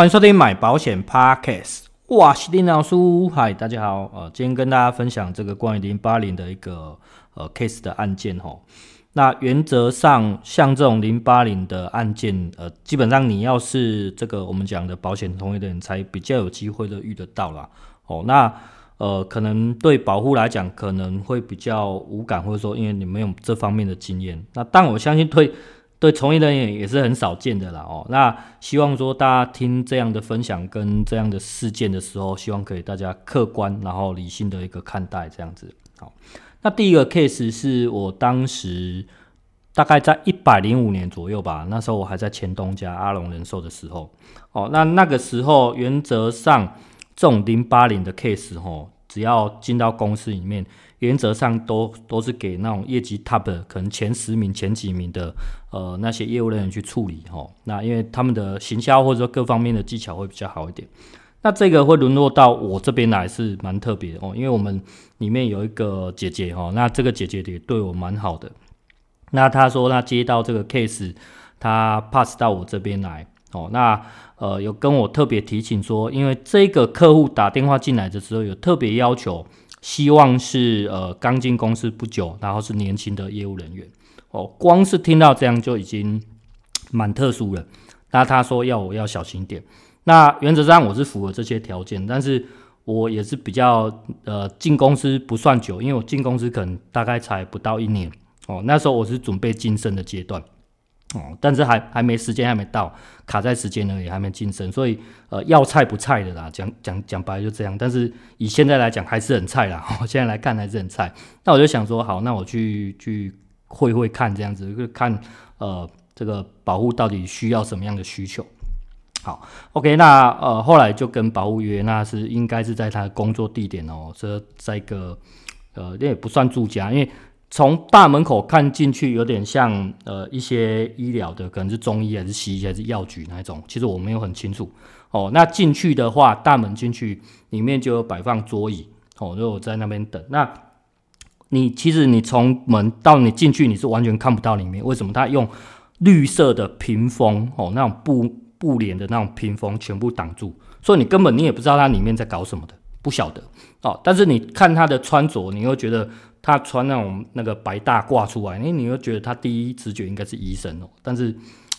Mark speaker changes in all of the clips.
Speaker 1: 歡迎收聽買保險 Podcast，我是丁老師，嗨，大家好。呃，今天跟大家分享這個關於零八零的一個呃 case 的案件，哦。那原則上，像這種零八零的案件，呃，基本上你要是這個我們講的保險同業的人才比較有機會的遇得到啦哦。那呃，可能對保戶來講，可能會比較無感，或者說因為你沒有這方面的經驗。那但我相信對。對，從業人員也是很少見的啦哦。那希望說大家聽這樣的分享跟這樣的事件的時候，希望可以大家客觀然後理性的一個看待這樣子。好，那第一個 case 是我當時大概在一百零五年左右吧，那時候我還在前東家阿龍人壽的時候。哦，那那個時候原則上這種零八零的 case，哈，只要進到公司裡面。原則上都都是給那種業績 top 的可能前十名、前幾名的呃那些業務人員去處理哦。那因為他們的行銷或者說各方面的技巧會比較好一點。那這個會淪落到我這邊來是蠻特別的哦，因為我們裡面有一個姐姐哦，那這個姐姐也對我蠻好的。那她說她接到這個 case，她 pass 到我這邊來哦。那呃有跟我特別提醒說，因為這個客戶打電話進來的時候有特別要求。希望是呃剛進公司不久，然後是年輕的業務人員，哦，光是聽到這樣就已經蠻特殊了。那他說要我要小心點，那原則上我是符合這些條件，但是我也是比較呃進公司不算久，因為我進公司可能大概才不到一年，哦，那時候我是準備晉升的階段。哦、嗯，但是還還沒時間，還沒到，卡在時間呢，也還沒晉升，所以呃，要菜不菜的啦，講講講白就這樣。但是以現在來講還是很菜啦，現在來看還是很菜。那我就想說，好，那我去去會會看這樣子，就看呃這個保戶到底需要什麼樣的需求。好，OK，那呃後來就跟保戶約，那是應該是在他的工作地點哦、喔，這在一個呃，這也不算住家，因為。從大門口看進去，有點像呃一些醫療的，可能是中醫還是西醫還是藥局那一種，其實我沒有很清楚。哦，那進去的話，大門進去裡面就有擺放桌椅，哦，就我在那邊等。那你其實你從門到你進去，你是完全看不到裡面，為什麼？他用綠色的屏風，哦，那種布布簾的那種屏風全部擋住，所以你根本你也不知道他裡面在搞什麼的。不曉得哦，但是你看他的穿着，你又覺得他穿那種那個白大褂出來，你又覺得他第一直覺應該是醫生哦。但是，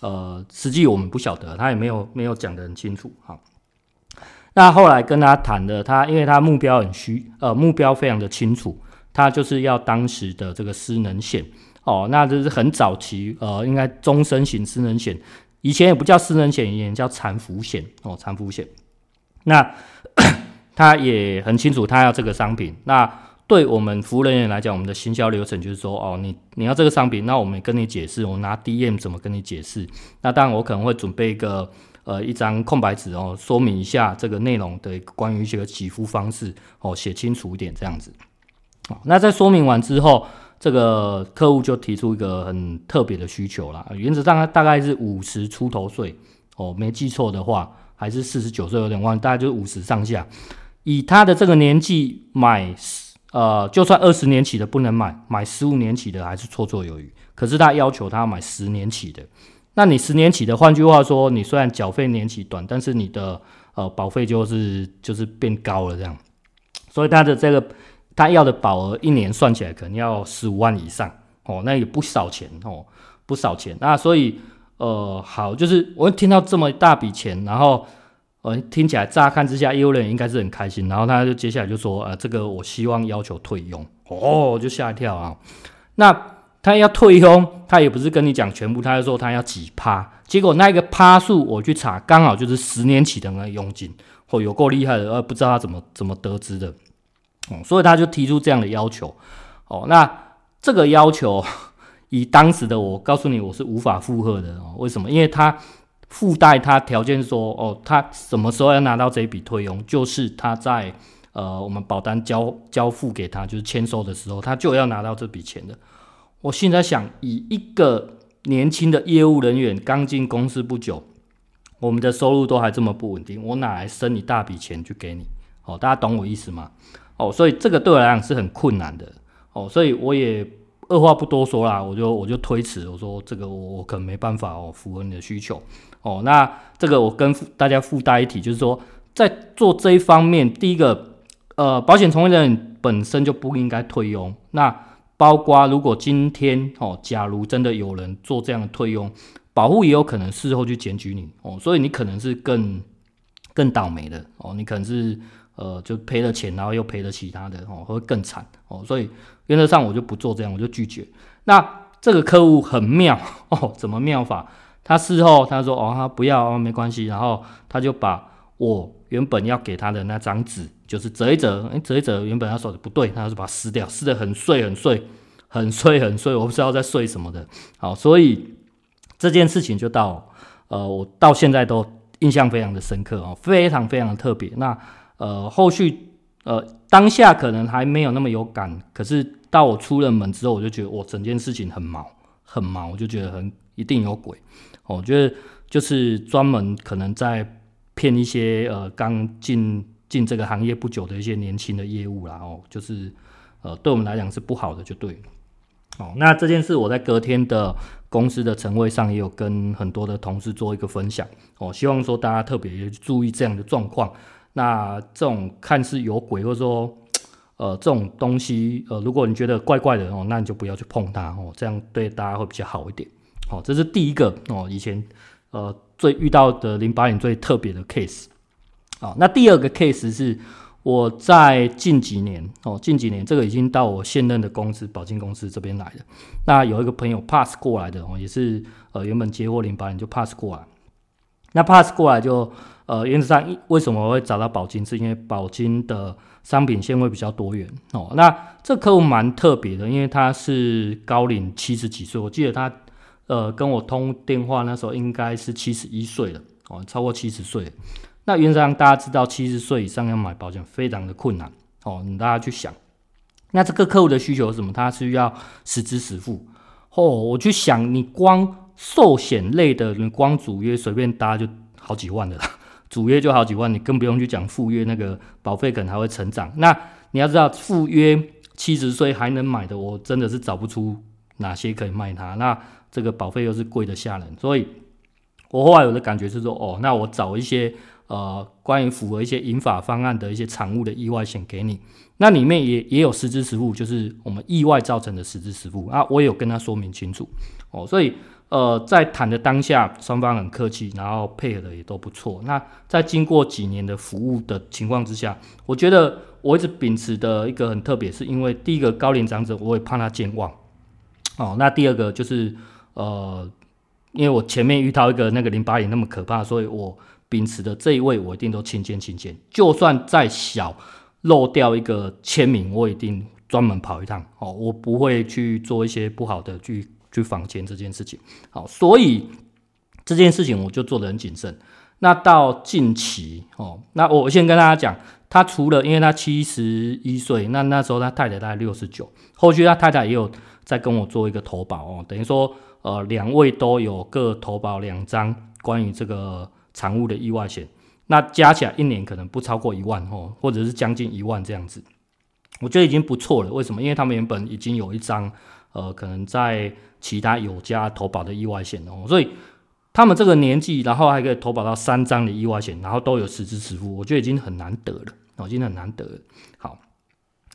Speaker 1: 呃，實際我們不曉得，他也沒有沒有講得很清楚哈、哦。那後來跟他談的，他因為他目標很虛，呃，目標非常的清楚，他就是要當時的這個失能險哦，那這是很早期，呃，應該終身型失能險，以前也不叫失能險，以前也叫殘扶險哦，殘扶險。那。 他也很清楚，他要這個商品。那對我們服務人員來講，我們的行銷流程就是說，哦，你你要這個商品，那我們也跟你解釋，我拿 DM 怎麼跟你解釋？那當然，我可能會準備一個呃一張空白紙哦，說明一下這個內容的關於這個給付方式哦，寫清楚一點這樣子哦。那在說明完之後，這個客戶就提出一個很特別的需求了。原則上他大概是五十出頭歲哦，沒記錯的話，還是四十九歲，有點忘，大概就是五十上下。以他的這個年紀買十，呃，就算二十年起的不能買，買十五年起的還是綽綽有餘。可是他要求他要買十年起的，那你十年起的，換句話說，你雖然繳費年期短，但是你的呃保費就是就是變高了這樣。所以他的這個他要的保額一年算起來可能要十五萬以上哦，那也不少錢哦，不少錢。那所以呃好，就是我聽到這麼一大筆錢，然後。聽起來乍看之下，業務人員應該是很開心，然後他就接下來就說：“呃，這個我希望要求退佣。”哦，就嚇一跳啊！那他要退佣，他也不是跟你講全部，他就說他要幾趴。結果那個趴數我去查，剛好就是十年起的那個佣金。哦，有夠厲害的，呃，不知道他怎麼怎麼得知的、嗯。所以他就提出這樣的要求。哦，那這個要求，以當時的我，我告訴你，我是無法負荷的。哦，為什麼？因為他。附帶他條件說，哦，他什麼時候要拿到這筆退佣？就是他在，呃，我們保單交交付給他，就是簽收的時候，他就要拿到這筆錢的。我現在想，以一個年輕的業務人員剛進公司不久，我們的收入都還這麼不穩定，我哪來生一大筆錢去給你？哦，大家懂我意思嗎？哦，所以這個對我來講是很困難的。哦，所以我也二話不多說啦，我就我就推辭，我說這個我我可能沒辦法哦，符合你的需求哦。那這個我跟大家附帶一提，就是說在做這一方面，第一個呃，保險從業人員本身就不應該退佣。那包括如果今天哦，假如真的有人做這樣的退佣，保戶也有可能事後去檢舉你哦，所以你可能是更更倒霉的哦，你可能是。呃，就賠了錢，然後又賠了其他的，哦，會更慘哦，所以原則上我就不做這樣，我就拒絕。那這個客戶很妙哦，怎麼妙法？他事後他說哦，他不要哦，沒關係。然後他就把我原本要給他的那張紙，就是折一折，哎，折一折，原本他說的不對，他就把它撕掉，撕得很碎很碎，很碎很碎，我不知道在碎什麼的。好，所以這件事情就到，呃，我到現在都印象非常的深刻哦，非常非常的特別。那呃，後續呃，當下可能還沒有那麼有感，可是到我出了門之後，我就覺得我、哦、整件事情很毛很毛，我就覺得很一定有鬼。哦，我覺得就是專門可能在騙一些呃剛進進這個行業不久的一些年輕的業務啦。哦，就是呃，對我們來講是不好的，就對。哦，那這件事我在隔天的公司的晨會上也有跟很多的同事做一個分享。哦，希望說大家特別注意這樣的狀況。那這種看似有鬼，或者說，呃，這種東西，呃，如果你覺得怪怪的哦，那你就不要去碰它哦，這樣對大家會比較好一點。好、哦，這是第一個哦，以前呃最遇到的080最特別的 case。好、哦，那第二個 case 是我在近幾年哦，近幾年這個已經到我現任的公司保金公司這邊來了。那有一個朋友 pass 過來的哦，也是呃原本接獲080就 pass 過來，那 pass 過來就。呃，原則上，為什麼會找到保金？是因為保金的商品線會比較多元哦。那這客戶蠻特別的，因為他是高齡七十幾歲，我記得他呃跟我通電話那時候應該是七十一歲了哦，超過七十歲。那原則上大家知道，七十歲以上要買保險非常的困難哦。你大家去想，那這個客戶的需求是什麼？他是要實支實付哦。我就想，你光壽險類的，你光主約隨便搭就好幾萬的了啦。主約就好幾萬，你更不用去講附約那個保費可能還會成長。那你要知道附約七十歲還能買的，我真的是找不出哪些可以賣它。那這個保費又是貴得嚇人，所以我後來有的感覺是說，哦，那我找一些呃關於符合一些銀髮方案的一些產物的意外險給你，那裡面也也有實支實付，就是我們意外造成的實支實付。啊。我也有跟他說明清楚，哦，所以。呃，在談的當下，雙方很客氣，然後配合的也都不錯。那在經過幾年的服務的情況之下，我覺得我一直秉持的一個很特別，是因為第一個高齡長者，我也怕他健忘。哦，那第二個就是呃，因為我前面遇到一個那個080那麼可怕，所以我秉持的這一位，我一定都親見親見。就算再小漏掉一個簽名，我一定專門跑一趟。哦，我不會去做一些不好的去。去房錢這件事情，好，所以這件事情我就做得很謹慎。那到近期哦，那我先跟大家講，他除了因為他七十一歲，那那時候他太太大概六十九，後續他太太也有在跟我做一個投保哦，等於說呃兩位都有各投保兩張關於這個產物的意外險，那加起來一年可能不超過一萬哦，或者是將近一萬這樣子，我覺得已經不錯了。為什麼？因為他們原本已經有一張呃，可能在其他有加投保的意外險哦，所以他們這個年紀，然後還可以投保到三張的意外險，然後都有實支實付，我覺得已經很難得了，已經很難得了。好，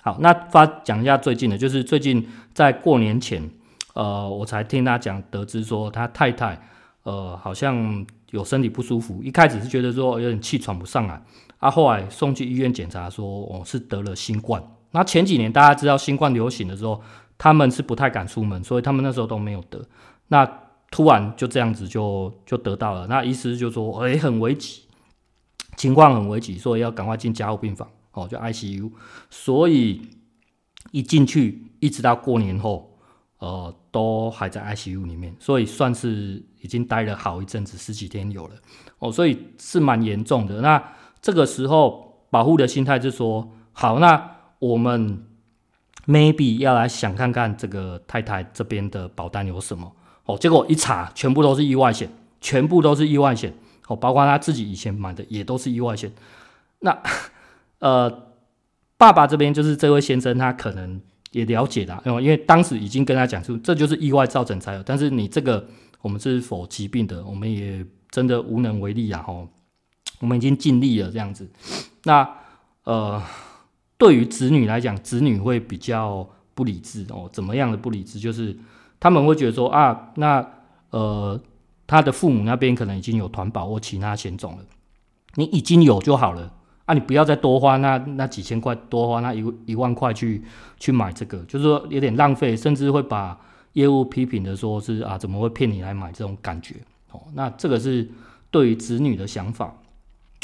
Speaker 1: 好，那發講一下最近的，就是最近在過年前，呃，我才聽他講得知說他太太，呃，好像有身體不舒服，一開始是覺得說有點氣喘不上來，啊，後來送去醫院檢查說，說哦是得了新冠。那前幾年大家知道新冠流行的時候，他們是不太敢出門，所以他們那時候都沒有得。那突然就這樣子就就得到了，那醫師就說，哎、欸，很危急，情況很危急，所以要趕快進加護病房，哦，就 ICU。所以一進去，一直到過年後，呃，都還在 ICU 裡面，所以算是已經待了好一陣子，十幾天有了，哦，所以是蠻嚴重的。那這個時候保護的心態就說，好，那我們。maybe 要來想看看這個太太這邊的保單有什麼哦。結果一查，全部都是意外險，全部都是意外險哦，包括他自己以前買的也都是意外險。那呃，爸爸這邊就是這位先生，他可能也了解了，因為當時已經跟他講說這就是意外造成才有，但是你這個我們是否疾病的，我們也真的無能為力啊！吼，我們已經盡力了這樣子。那呃。對於子女來講，子女會比較不理智哦。怎麼樣的不理智？就是他們會覺得說啊，那呃，他的父母那邊可能已經有團保或其他險種了，你已經有就好了啊，你不要再多花那那幾千塊，多花那一一萬塊去去買這個，就是說有點浪費，甚至會把業務批評的說是啊，怎麼會騙你來買這種感覺哦？那這個是對於子女的想法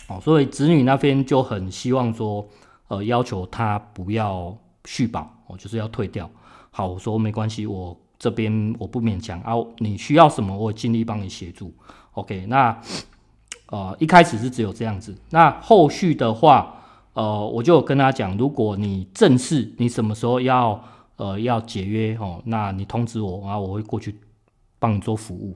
Speaker 1: 哦，所以子女那邊就很希望說。呃，要求他不要續保，我、哦、就是要退掉。好，我說沒關係，我這邊我不勉強啊。你需要什麼，我盡力幫你協助。OK，那呃一開始是只有這樣子。那後續的話，呃，我就跟他講，如果你正式你什麼時候要呃要解約哦，那你通知我，然後、啊、我會過去幫你做服務。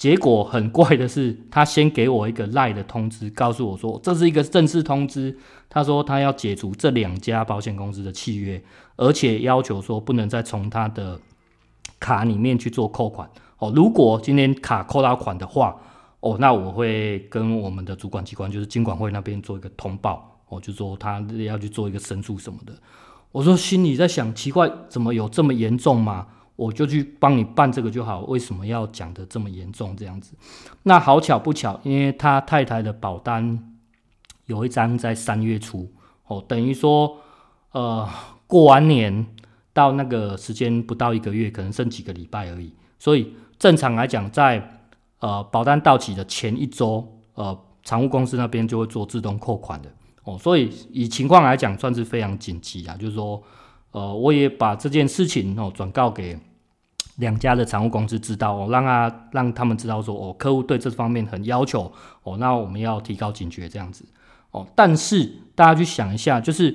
Speaker 1: 結果很怪的是，他先給我一個 LINE 的通知，告訴我說，這是一個正式通知。他說他要解除這兩家保險公司的契約，而且要求說不能再從他的卡裡面去做扣款。哦，如果今天卡扣到款的話，哦，那我會跟我們的主管機關，就是金管會那邊做一個通報。我、哦、就說他要去做一個申訴什麼的。我說心裡在想，奇怪，怎麼有這麼嚴重嗎？我就去幫你辦這個就好，為什麼要講得這麼嚴重這樣子？那好巧不巧，因為他太太的保單有一張在三月初哦，等於說呃過完年到那個時間不到一個月，可能剩幾個禮拜而已。所以正常來講，在呃保單到期的前一周，呃，財務公司那邊就會做自動扣款的哦。所以以情況來講，算是非常緊急啊，就是說呃我也把這件事情哦轉告給。兩家的產物公司知道哦，讓他讓他們知道說哦，客戶對這方面很要求哦，那我們要提高警覺這樣子哦。但是大家去想一下，就是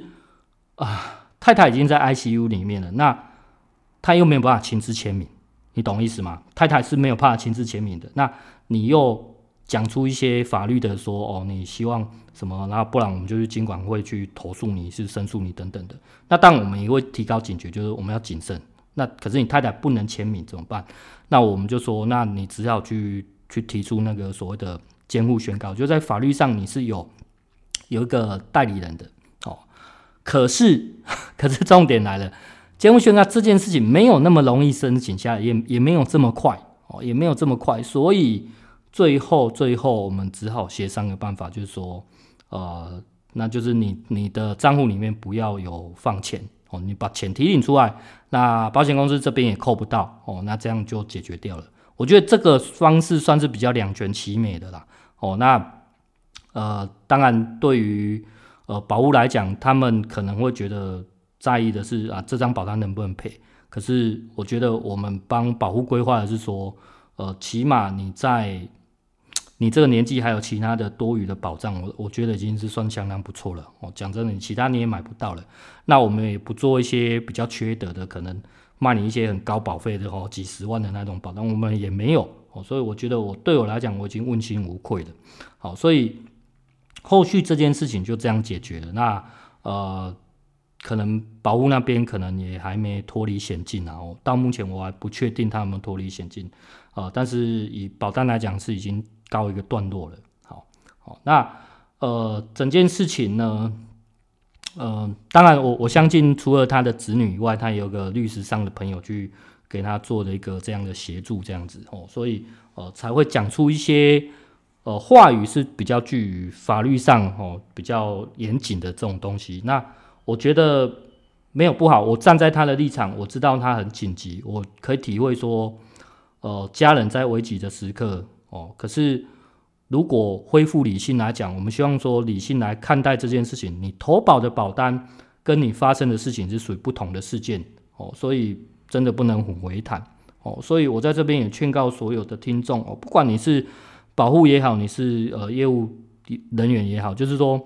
Speaker 1: 啊、呃，太太已經在 ICU 裡面了，那他又沒有辦法親自簽名，你懂意思嗎？太太是沒有辦法親自簽名的。那你又講出一些法律的說哦，你希望什麼？那不然我們就是金管會去投訴你，是申訴你等等的。那當我們也會提高警覺，就是我們要謹慎。那可是你太太不能簽名怎麼辦？那我們就說，那你只好去去提出那個所謂的監護宣告，就在法律上你是有有一個代理人的哦。可是可是重點來了，監護宣告這件事情沒有那麼容易申請下來，也也沒有這麼快哦，也沒有這麼快。所以最後最後我們只好協商個辦法，就是說，呃，那就是你你的賬戶裡面不要有放錢。你把錢提領出來，那保險公司這邊也扣不到哦，那這樣就解決掉了。我覺得這個方式算是比較兩全其美的啦。哦，那呃，當然對於呃保戶來講，他們可能會覺得在意的是啊，這張保單能不能賠？可是我覺得我們幫保戶規劃的是說，呃，起碼你在。你這個年紀還有其他的多餘的保障，我我覺得已經是算相當不錯了。哦，講真的，其他你也買不到了。那我們也不做一些比較缺德的，可能賣你一些很高保費的哦，幾十萬的那種保障。我們也沒有。哦，所以我覺得我對我來講，我已經問心無愧了。好，哦，所以後續這件事情就這樣解決了。那呃，可能保護那邊可能也還沒脫離險境啊。哦，到目前我還不確定他們脫離險境。呃，但是以保單來講，是已經。告一個段落了，好，好，那呃，整件事情呢，呃，當然我我相信，除了他的子女以外，他也有個律師上的朋友去給他做了一個這樣的協助，這樣子哦，所以呃才會講出一些呃話語是比較具法律上哦、呃、比較嚴謹的這種東西。那我覺得沒有不好，我站在他的立場，我知道他很緊急，我可以體會說，呃，家人在危急的時刻。哦，可是如果恢復理性來講，我們希望說理性來看待這件事情。你投保的保單跟你發生的事情是屬於不同的事件，哦，所以真的不能混為一談。哦，所以我在這邊也勸告所有的聽眾，哦，不管你是保戶也好，你是呃業務人員也好，就是說。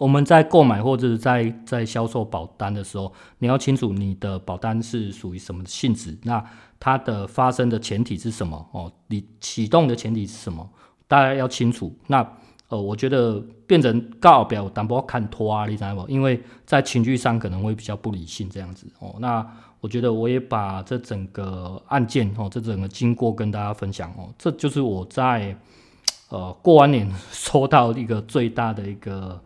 Speaker 1: 我們在購買或者是在在銷售保單的時候，你要清楚你的保單是屬於什麼性質，那它的發生的前提是什麼？哦，你啟動的前提是什麼？大家要清楚。那呃，我覺得變成告表不要看拖啊，你知道嗎，因為在情緒上可能會比較不理性這樣子哦。那我覺得我也把這整個案件哦，這整個經過跟大家分享哦。這就是我在呃過完年收到一個最大的一個。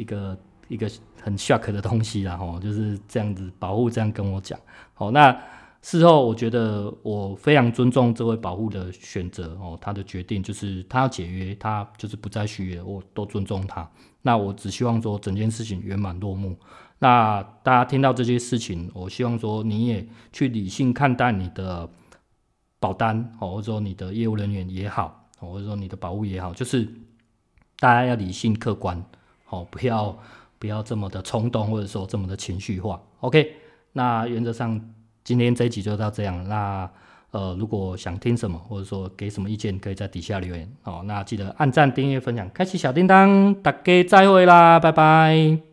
Speaker 1: 一個一個很 shock 的東西啦，然後就是這樣子，保戶這樣跟我講。好，那事後我覺得我非常尊重這位保戶的選擇，哦，他的決定就是他要解約，他就是不再續約，我都尊重他。那我只希望說，整件事情圓滿落幕。那大家聽到這些事情，我希望說你也去理性看待你的保單，哦，或者說你的業務人員也好，或者說你的保戶也好，就是大家要理性客觀。好、哦，不要不要這麼的衝動，或者說這麼的情緒化。OK，那原則上今天這一集就到這樣。那呃，如果想聽什麼，或者說給什麼意見，可以在底下留言。哦，那記得按讚、訂閱、分享，開啟小叮噹。大家再會啦，拜拜。